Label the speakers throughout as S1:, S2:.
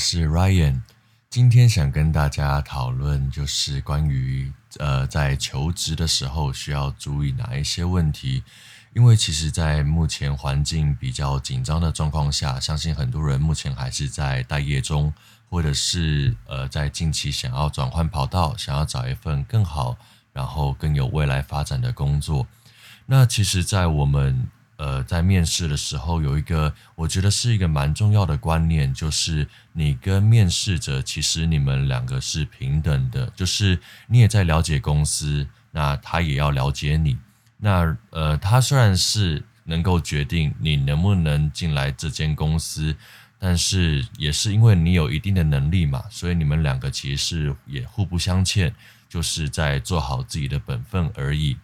S1: 我是 Ryan，今天想跟大家討論，就是關於呃在求職的時候需要注意哪一些問題。因為其實，在目前環境比較緊張的狀況下，相信很多人目前還是在待業中，或者是呃在近期想要轉換跑道，想要找一份更好，然後更有未來發展的工作。那其實，在我們呃，在面試的時候，有一個我覺得是一個蠻重要的觀念，就是你跟面試者其實你們兩個是平等的，就是你也在了解公司，那他也要了解你。那呃，他雖然是能夠決定你能不能進來這間公司，但是也是因為你有一定的能力嘛，所以你們兩個其實是也互不相欠，就是在做好自己的本分而已。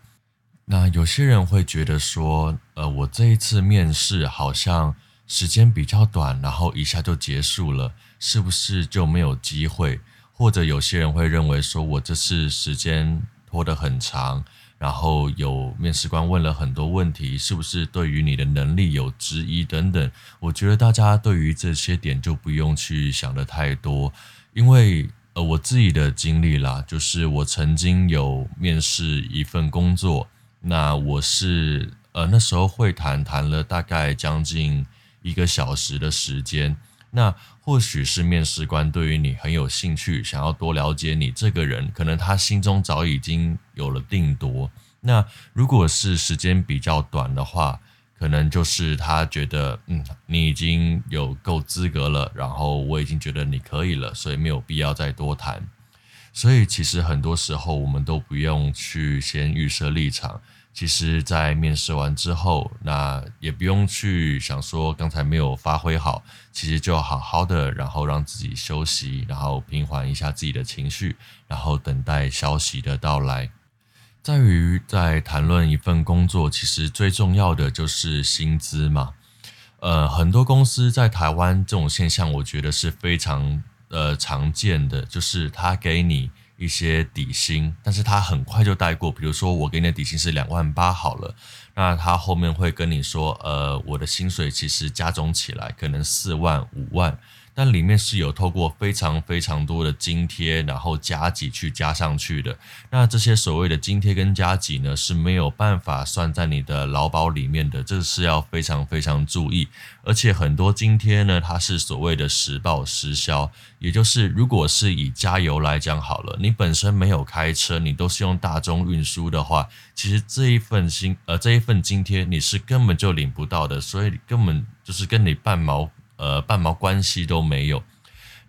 S1: 那有些人會覺得說，呃，我這一次面試好像時間比較短，然後一下就結束了，是不是就沒有機會？或者有些人會認為說，我這次時間拖得很長，然後有面試官問了很多問題，是不是對於你的能力有質疑等等。我覺得大家對於這些點就不用去想得太多，因為呃，我自己的經歷啦，就是我曾經有面試一份工作。那我是呃，那時候會談談了大概將近一個小時的時間。那或許是面試官對於你很有興趣，想要多了解你這個人，可能他心中早已經有了定奪。那如果是時間比較短的話，可能就是他覺得嗯，你已經有夠資格了，然後我已經覺得你可以了，所以沒有必要再多談。所以其實很多時候我們都不用去先預設立場，其實，在面試完之後，那也不用去想說剛才沒有發揮好，其實就好好的，然後讓自己休息，然後平緩一下自己的情緒，然後等待消息的到來。在於在談論一份工作，其實最重要的就是薪資嘛。呃，很多公司在台灣這種現象，我覺得是非常呃常見的，就是他給你。一些底薪，但是他很快就帶過。比如說，我給你的底薪是兩萬八，好了，那他後面會跟你說，呃，我的薪水其實加總起來可能四萬、五萬。但裡面是有透過非常非常多的津貼，然後加幾去加上去的。那這些所謂的津貼跟加幾呢，是沒有辦法算在你的勞保裡面的，這是要非常非常注意。而且很多津貼呢，它是所謂的實報實銷，也就是如果是以加油來講好了，你本身沒有開車，你都是用大眾運輸的話，其實這一份薪，呃，這一份津貼你是根本就領不到的，所以根本就是跟你半毛。呃，半毛關係都沒有。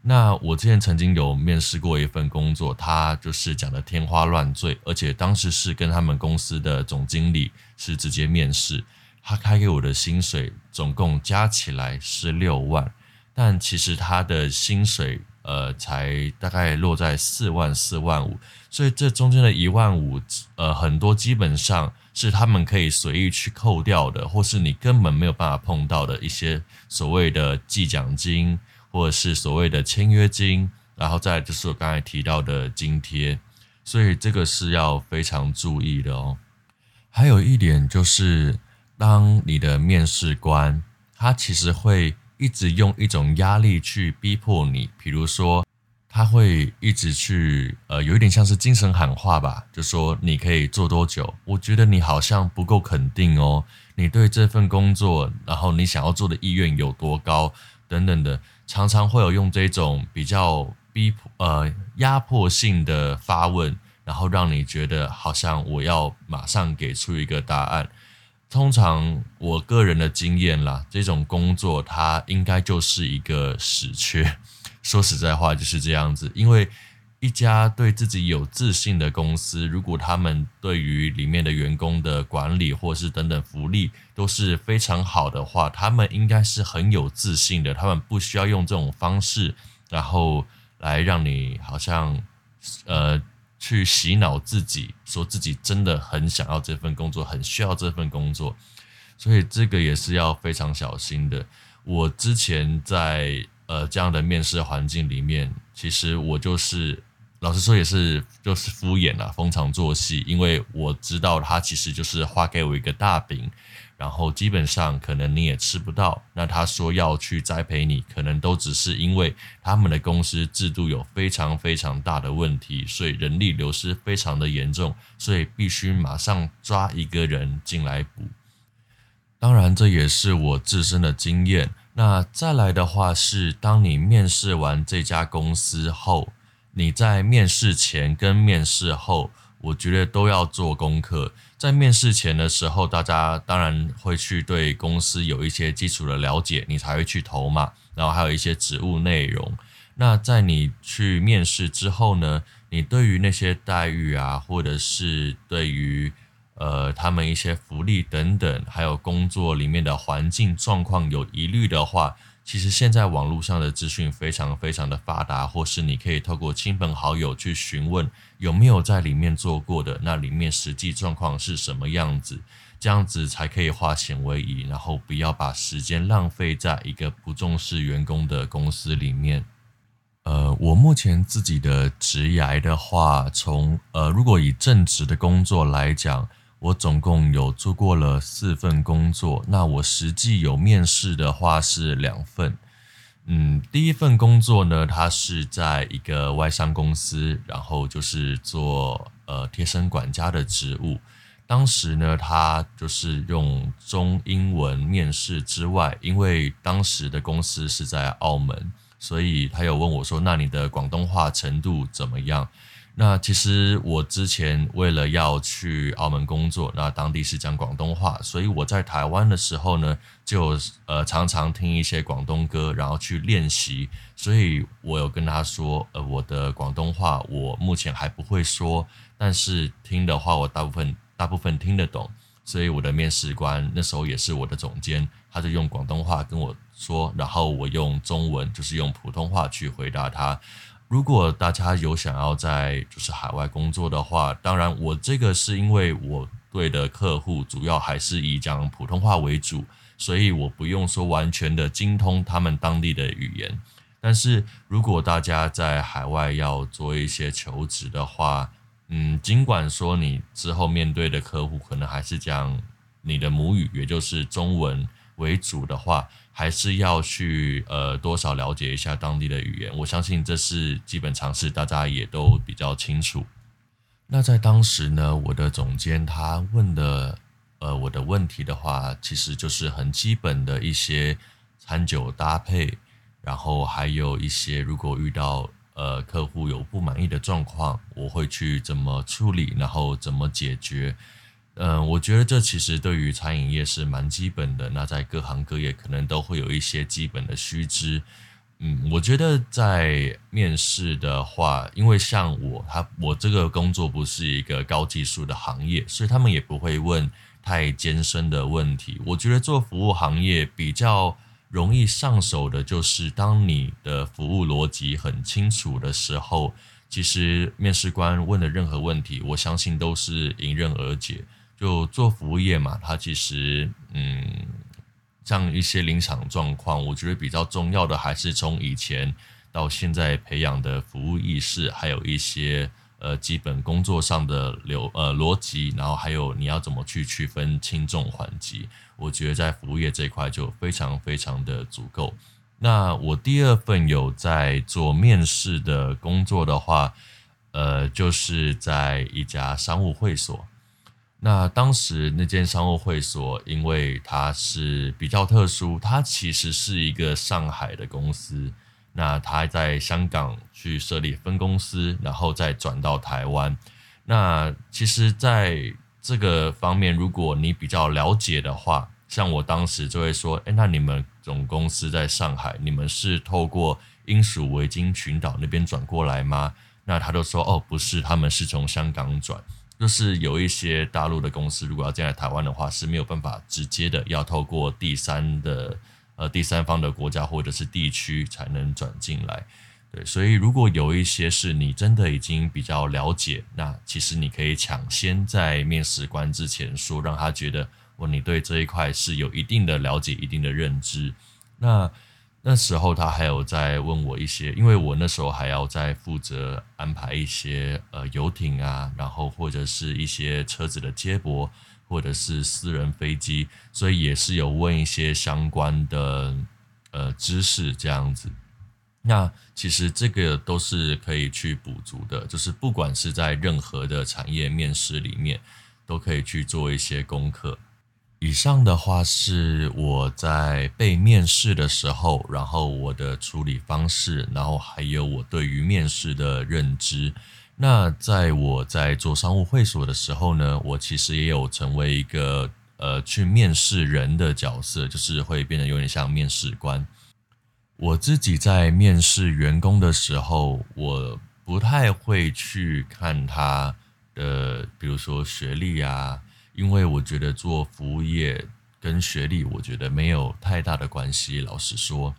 S1: 那我之前曾經有面試過一份工作，他就是講得天花亂墜，而且當時是跟他們公司的總經理是直接面試。他開給我的薪水總共加起來是六萬，但其實他的薪水呃才大概落在四萬四萬五，所以這中間的一萬五呃很多基本上。是他們可以隨意去扣掉的，或是你根本沒有辦法碰到的一些所謂的計獎金，或者是所謂的簽約金，然後再就是我剛才提到的津貼，所以這個是要非常注意的哦。還有一點就是，當你的面試官他其實會一直用一種壓力去逼迫你，比如說。他會一直去，呃，有一點像是精神喊話吧，就說你可以做多久？我覺得你好像不夠肯定哦，你對這份工作，然後你想要做的意願有多高，等等的，常常會有用這種比較逼迫、呃，壓迫性的發問，然後讓你覺得好像我要馬上給出一個答案。通常我個人的經驗啦，這種工作它應該就是一個死缺。說實在話，就是這樣子，因為一家對自己有自信的公司，如果他們對於裡面的員工的管理，或是等等福利都是非常好的話，他們應該是很有自信的，他們不需要用這種方式，然後來讓你好像呃去洗腦自己，說自己真的很想要這份工作，很需要這份工作，所以這個也是要非常小心的。我之前在。呃，這樣的面試環境裡面，其實我就是，老實說也是就是敷衍了啊，逢場作戲。因為我知道他其實就是畫給我一個大餅，然後基本上可能你也吃不到。那他說要去栽培你，可能都只是因為他們的公司制度有非常非常大的問題，所以人力流失非常的嚴重，所以必須馬上抓一個人進來補。當然，這也是我自身的經驗。那再來的話是，當你面試完這家公司後，你在面試前跟面試後，我覺得都要做功課。在面試前的時候，大家當然會去對公司有一些基礎的了解，你才會去投嘛。然後還有一些職務內容。那在你去面試之後呢，你對於那些待遇啊，或者是對於呃，他們一些福利等等，還有工作裡面的環境狀況有疑慮的話，其實現在網絡上的資訊非常非常的發達，或是你可以透過親朋好友去詢問有沒有在裡面做過的，那裡面實際狀況是什麼樣子，這樣子才可以化險為夷，然後不要把時間浪費在一個不重視員工的公司裡面。呃，我目前自己的職業的話，從，呃，如果以正職的工作來講。我總共有做過了四份工作，那我實際有面試的話是兩份。嗯，第一份工作呢，他是在一個外商公司，然後就是做呃貼身管家的職務。當時呢，他就是用中英文面試之外，因為當時的公司是在澳門，所以他有問我說：“那你的廣東話程度怎麼樣？”那其實我之前為了要去澳門工作，那當地是講廣東話，所以我在台灣的時候呢，就呃常常聽一些廣東歌，然後去練習。所以我有跟他說，呃，我的廣東話我目前還不會說，但是聽的話我大部分、大部分聽得懂。所以我的面試官那時候也是我的總監，他就用廣東話跟我說，然後我用中文，就是用普通話去回答他。如果大家有想要在就是海外工作的話，當然我這個是因為我對的客戶主要還是以講普通話為主，所以我不用說完全的精通他們當地的語言。但是如果大家在海外要做一些求職的話，嗯，儘管說你之後面對的客戶可能還是講你的母語，也就是中文，為主的話，還是要去呃多少了解一下當地的語言。我相信這是基本常識，大家也都比較清楚。那在當時呢，我的總監他問的呃我的問題的話，其實就是很基本的一些餐酒搭配，然後還有一些如果遇到呃客戶有不滿意的狀況，我會去怎麼處理，然後怎麼解決。嗯，我覺得這其實對於餐飲業是蠻基本的。那在各行各業，可能都會有一些基本的須知。嗯，我覺得在面試的話，因為像我他，我這個工作不是一個高技術的行業，所以他們也不會問太艱深的問題。我覺得做服務行業比較容易上手的，就是當你的服務邏輯很清楚的時候，其實面試官問的任何問題，我相信都是迎刃而解。就做服務業嘛，它其實嗯，像一些臨場狀況，我覺得比較重要的還是從以前到現在培養的服務意識，還有一些呃基本工作上的流呃邏輯，然後還有你要怎麼去區分輕重緩急，我覺得在服務業這一塊就非常非常的足夠。那我第二份有在做面試的工作的話，呃，就是在一家商務會所。那當時那間商務會所，因為它是比較特殊，它其實是一個上海的公司，那它在香港去設立分公司，然後再轉到台灣。那其實，在這個方面，如果你比較了解的話，像我當時就會說：“哎，那你們總公司在上海，你們是透過英屬維京群島那邊轉過來嗎？”那他就說：“哦，不是，他們是從香港轉。”就是有一些大陸的公司，如果要進來台灣的話，是沒有辦法直接的，要透過第三的呃第三方的國家或者是地區才能轉進來。對，所以如果有一些是你真的已經比較了解，那其實你可以搶先在面試官之前說，讓他覺得哦，你對這一塊是有一定的了解、一定的認知，那。那時候他還有在問我一些，因為我那時候還要在負責安排一些呃遊艇啊，然後或者是一些車子的接駁，或者是私人飛機，所以也是有問一些相關的呃知識這樣子。那其實這個都是可以去補足的，就是不管是在任何的產業面試裡面，都可以去做一些功課。以上的話是我在被面試的時候，然後我的處理方式，然後還有我對於面試的認知。那在我在做商務會所的時候呢，我其實也有成為一個呃去面試人的角色，就是會變得有點像面試官。我自己在面試員工的時候，我不太會去看他的，比如說學歷啊。因為我覺得做服務業跟學歷，我覺得沒有太大的關係。老實說，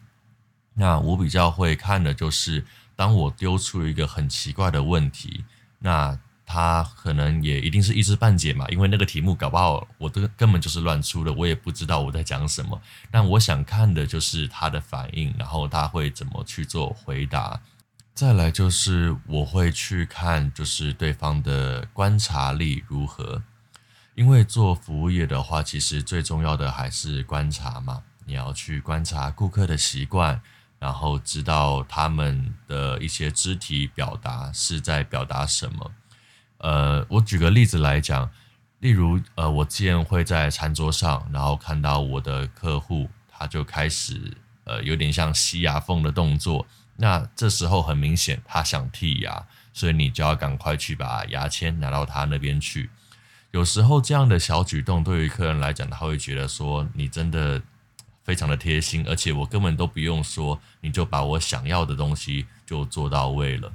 S1: 那我比較會看的就是，當我丟出一個很奇怪的問題，那他可能也一定是一知半解嘛，因為那個題目搞不好我都根本就是亂出的，我也不知道我在講什麼。但我想看的就是他的反應，然後他會怎麼去做回答。再來就是我會去看，就是對方的觀察力如何。因為做服務業的話，其實最重要的還是觀察嘛。你要去觀察顧客的習慣，然後知道他們的一些肢體表達是在表達什麼。呃，我舉個例子來講，例如，呃，我既然會在餐桌上，然後看到我的客戶，他就開始，呃，有點像吸牙縫的動作，那這時候很明顯，他想剔牙，所以你就要趕快去把牙籤拿到他那邊去。有時候這樣的小舉動對於客人來講，他會覺得說你真的非常的貼心，而且我根本都不用說，你就把我想要的東西就做到位了。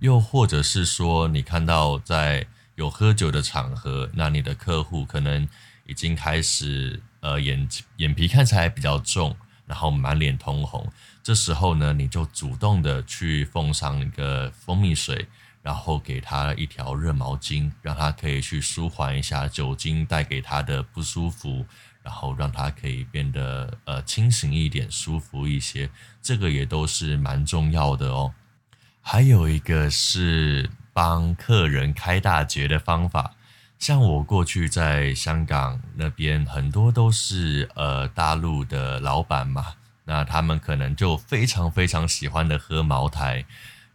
S1: 又或者是說，你看到在有喝酒的場合，那你的客戶可能已經開始呃眼眼皮看起來比較重，然後滿臉通紅，這時候呢，你就主動的去奉上一個蜂蜜水。然後給他一條熱毛巾，讓他可以去舒緩一下酒精帶給他的不舒服，然後讓他可以變得呃清醒一點、舒服一些，這個也都是蠻重要的哦。還有一個是幫客人開大捷的方法，像我過去在香港那邊，很多都是呃大陸的老闆嘛，那他們可能就非常非常喜歡的喝茅台。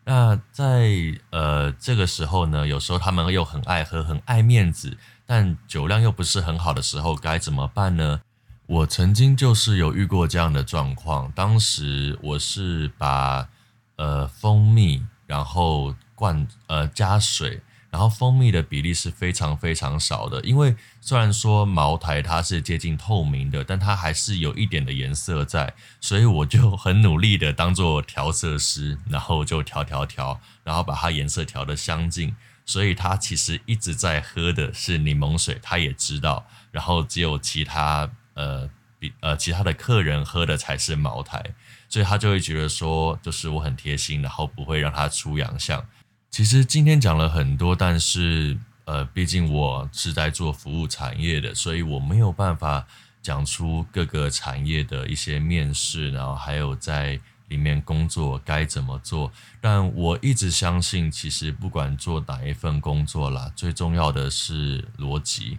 S1: 那在呃這個時候呢，有時候他們又很愛喝，很愛面子，但酒量又不是很好的時候，該怎麼辦呢？我曾經就是有遇過這樣的狀況，當時我是把呃蜂蜜，然後灌呃加水。然後蜂蜜的比例是非常非常少的，因為雖然說茅台它是接近透明的，但它還是有一點的顏色在，所以我就很努力的當做調色師，然後就調調調，然後把它顏色調的相近，所以他其實一直在喝的是檸檬水，他也知道，然後只有其他呃比呃其他的客人喝的才是茅台，所以他就會覺得說，就是我很貼心，然後不會讓他出洋相。其實今天講了很多，但是呃，畢竟我是在做服務產業的，所以我沒有辦法講出各個產業的一些面試，然後還有在裡面工作該怎麼做。但我一直相信，其實不管做哪一份工作啦，最重要的是邏輯。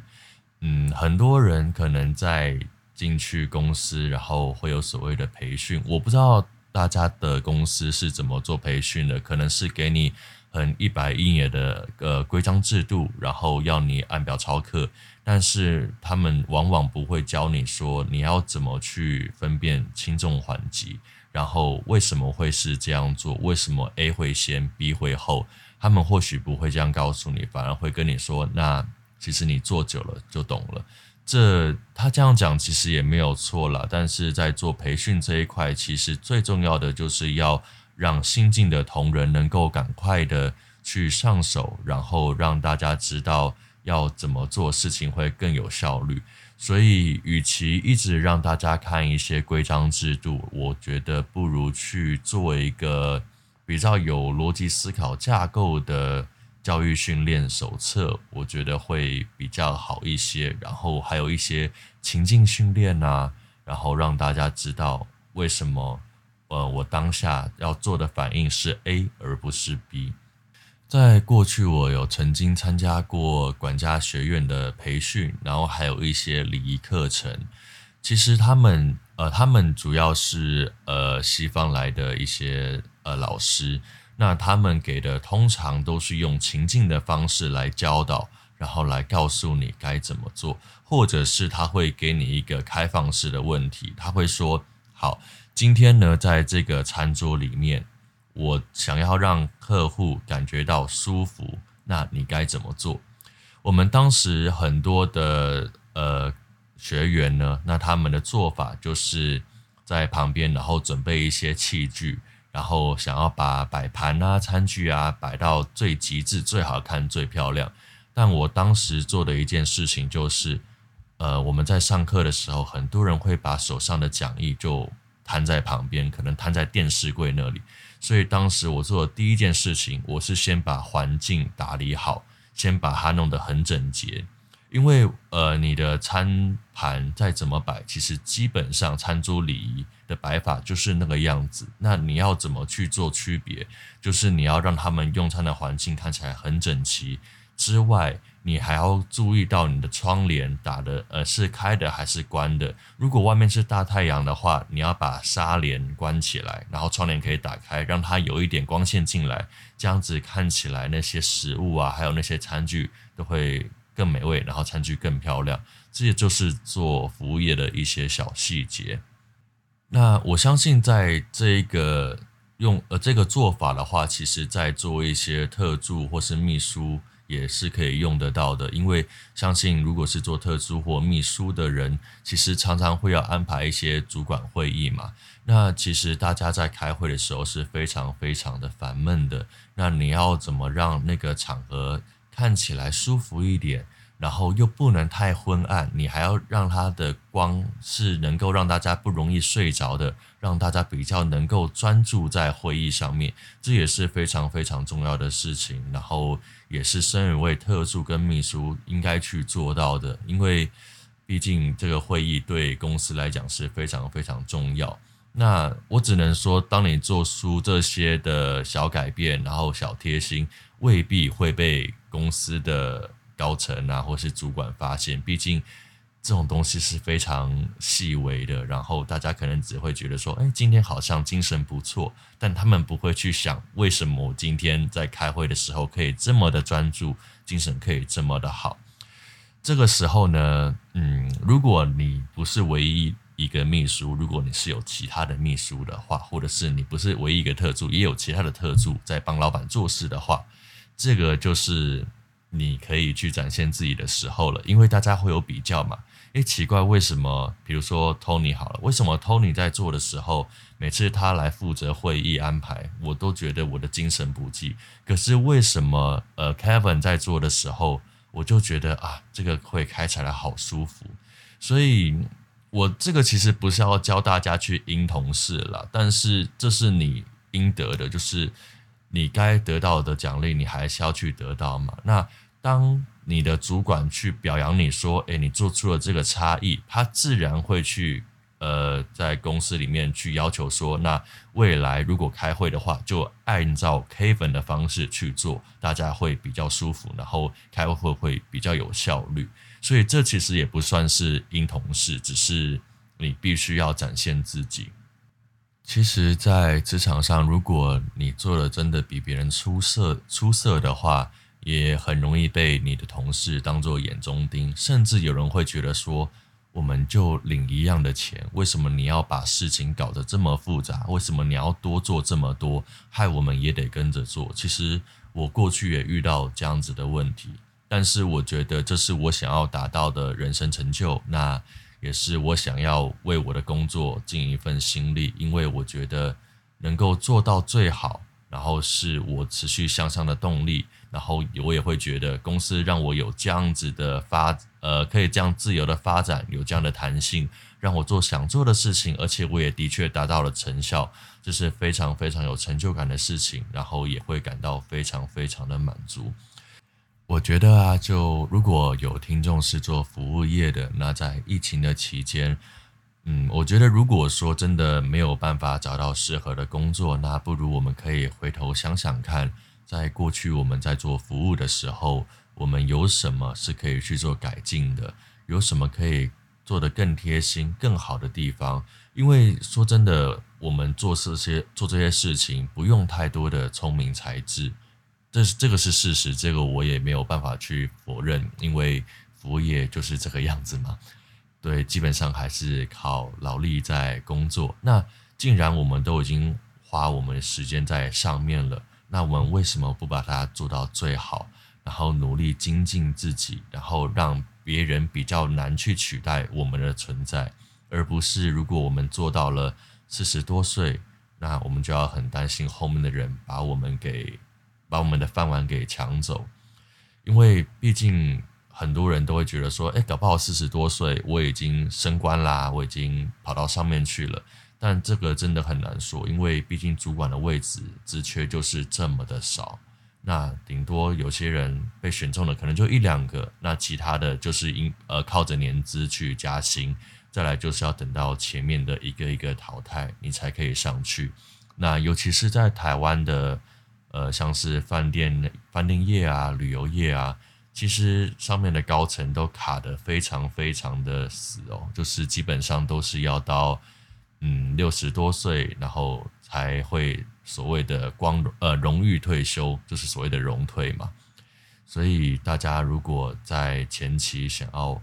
S1: 嗯，很多人可能在進去公司，然後會有所謂的培訓。我不知道大家的公司是怎麼做培訓的，可能是給你。很一板一眼的呃規章制度，然後要你按表操課，但是他們往往不會教你說，你要怎麼去分辨輕重緩急，然後為什麼會是這樣做，為什麼 A 會先 B 會後，他們或許不會這樣告訴你，反而會跟你說，那其實你做久了就懂了。這，他這樣講其實也沒有錯啦。但是在做培訓這一塊，其實最重要的就是要讓新進的同仁能夠趕快的去上手，然後讓大家知道要怎麼做事情會更有效率。所以，與其一直讓大家看一些規章制度，我覺得不如去做一個比較有邏輯思考架構的教育訓練手冊，我覺得會比較好一些。然後還有一些情境訓練啊，然後讓大家知道為什麼。呃，我當下要做的反應是 A 而不是 B。在過去，我有曾經參加過管家學院的培訓，然後還有一些禮儀課程。其實他們，呃，他們主要是呃西方來的一些呃老師，那他們給的通常都是用情境的方式來教導，然後來告訴你該怎麼做，或者是他會給你一個開放式的問題，他會說。好，今天呢，在這個餐桌裡面，我想要讓客戶感覺到舒服，那你該怎麼做？我們當時很多的呃學員呢，那他們的做法就是在旁邊，然後準備一些器具，然後想要把擺盤啊、餐具啊擺到最極致、最好看、最漂亮。但我當時做的一件事情就是，呃，我們在上課的時候，很多人會把手上的講義就攤在旁邊，可能攤在電視櫃那裡。所以當時我做的第一件事情，我是先把環境打理好，先把它弄得很整潔。因為呃，你的餐盤再怎麼擺，其實基本上餐桌禮儀的擺法就是那個樣子。那你要怎麼去做區別？就是你要讓他們用餐的環境看起來很整齊之外。你還要注意到你的窗簾打的呃是開的還是關的？如果外面是大太陽的話，你要把紗簾關起來，然後窗簾可以打開，讓它有一點光線進來。這樣子看起來那些食物啊，還有那些餐具都會更美味，然後餐具更漂亮。這也就是做服務業的一些小細節。那我相信，在這一個用呃這個做法的話，其實在做一些特助或是秘書，也是可以用得到的，因為相信如果是做特殊或秘書的人，其實常常會要安排一些主管會議嘛。那其實大家在開會的時候是非常非常的煩悶的。那你要怎麼讓那個場合看起來舒服一點？然後又不能太昏暗，你還要讓它的光是能夠讓大家不容易睡着的，讓大家比較能夠專注在會議上面，這也是非常非常重要的事情。然後也是身為特助跟秘書應該去做到的，因為畢竟這個會議對公司來講是非常非常重要。那我只能說，當你做出這些的小改變，然後小貼心，未必會被公司的。高層啊，或是主管發現，畢竟這種東西是非常細微的。然後大家可能只會覺得說：“誒，今天好像精神不錯。”但他們不會去想為什麼今天在開會的時候可以這麼的專注，精神可以這麼的好。這個時候呢，嗯，如果你不是唯一一個秘書，如果你是有其他的秘書的話，或者是你不是唯一一個特助，也有其他的特助在幫老闆做事的話，這個就是。你可以去展現自己的時候了，因為大家會有比較嘛。哎，奇怪，為什麼比如說 Tony 好了，為什麼 Tony 在做的時候，每次他來負責會議安排，我都覺得我的精神不濟。可是為什麼呃 Kevin 在做的時候，我就覺得啊，這個會開起來好舒服。所以我這個其實不是要教大家去陰同事了，但是這是你應得的，就是。你該得到的獎勵，你還是要去得到嘛？那當你的主管去表揚你說，哎，你做出了這個差異，他自然會去呃，在公司裡面去要求說，那未來如果開會的話，就按照 Kevin 的方式去做，大家會比較舒服，然後開會會比較有效率。所以這其實也不算是陰同事，只是你必須要展現自己。其實，在職場上，如果你做的真的比別人出色，出色的話，也很容易被你的同事當做眼中釘。甚至有人會覺得說，我們就領一樣的錢，為什麼你要把事情搞得這麼複雜？為什麼你要多做這麼多？害我們也得跟着做。其實我過去也遇到這樣子的問題，但是我覺得這是我想要達到的人生成就。那。也是我想要為我的工作盡一份心力，因為我覺得能夠做到最好，然後是我持續向上的動力。然後我也會覺得公司讓我有這樣子的發，呃，可以這樣自由的發展，有這樣的彈性，讓我做想做的事情。而且我也的確達到了成效，這是非常非常有成就感的事情。然後也會感到非常非常的滿足。我覺得啊，就如果有聽眾是做服務業的，那在疫情的期間，嗯，我覺得如果說真的沒有辦法找到適合的工作，那不如我們可以回頭想想看，在過去我們在做服務的時候，我們有什麼是可以去做改進的，有什麼可以做得更貼心、更好的地方。因為說真的，我們做這些做這些事情，不用太多的聰明才智。這這個是事實，這個我也沒有辦法去否認，因為服務業就是這個樣子嘛。對，基本上還是靠勞力在工作。那既然我們都已經花我們時間在上面了，那我們為什麼不把它做到最好，然後努力精進自己，然後讓別人比較難去取代我們的存在？而不是如果我們做到了四十多歲，那我們就要很擔心後面的人把我們給。把我們的飯碗給搶走，因為畢竟很多人都會覺得說，誒、欸，搞不好四十多歲我已經升官啦，我已經跑到上面去了。但這個真的很難說，因為畢竟主管的位置職缺就是這麼的少，那頂多有些人被選中的，可能就一兩個，那其他的就是因呃靠着年資去加薪，再來就是要等到前面的一個一個淘汰，你才可以上去。那尤其是在台灣的。呃，像是飯店、飯店業啊、旅遊業啊，其實上面的高層都卡得非常非常的死哦，就是基本上都是要到嗯六十多歲，然後才會所謂的光榮，呃，榮譽退休，就是所謂的榮退嘛。所以大家如果在前期想要，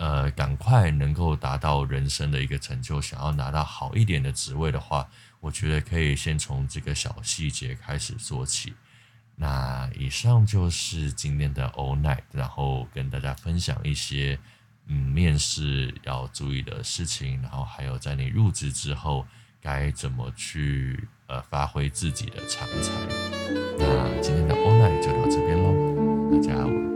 S1: 呃，趕快能夠達到人生的一個成就，想要拿到好一點的職位的話，我覺得可以先從這個小細節開始做起。那以上就是今天的 Owl Night，然後跟大家分享一些嗯面試要注意的事情，然後還有在你入職之後該怎麼去呃發揮自己的長才。那今天的 Owl Night 就到這邊嘍，大家。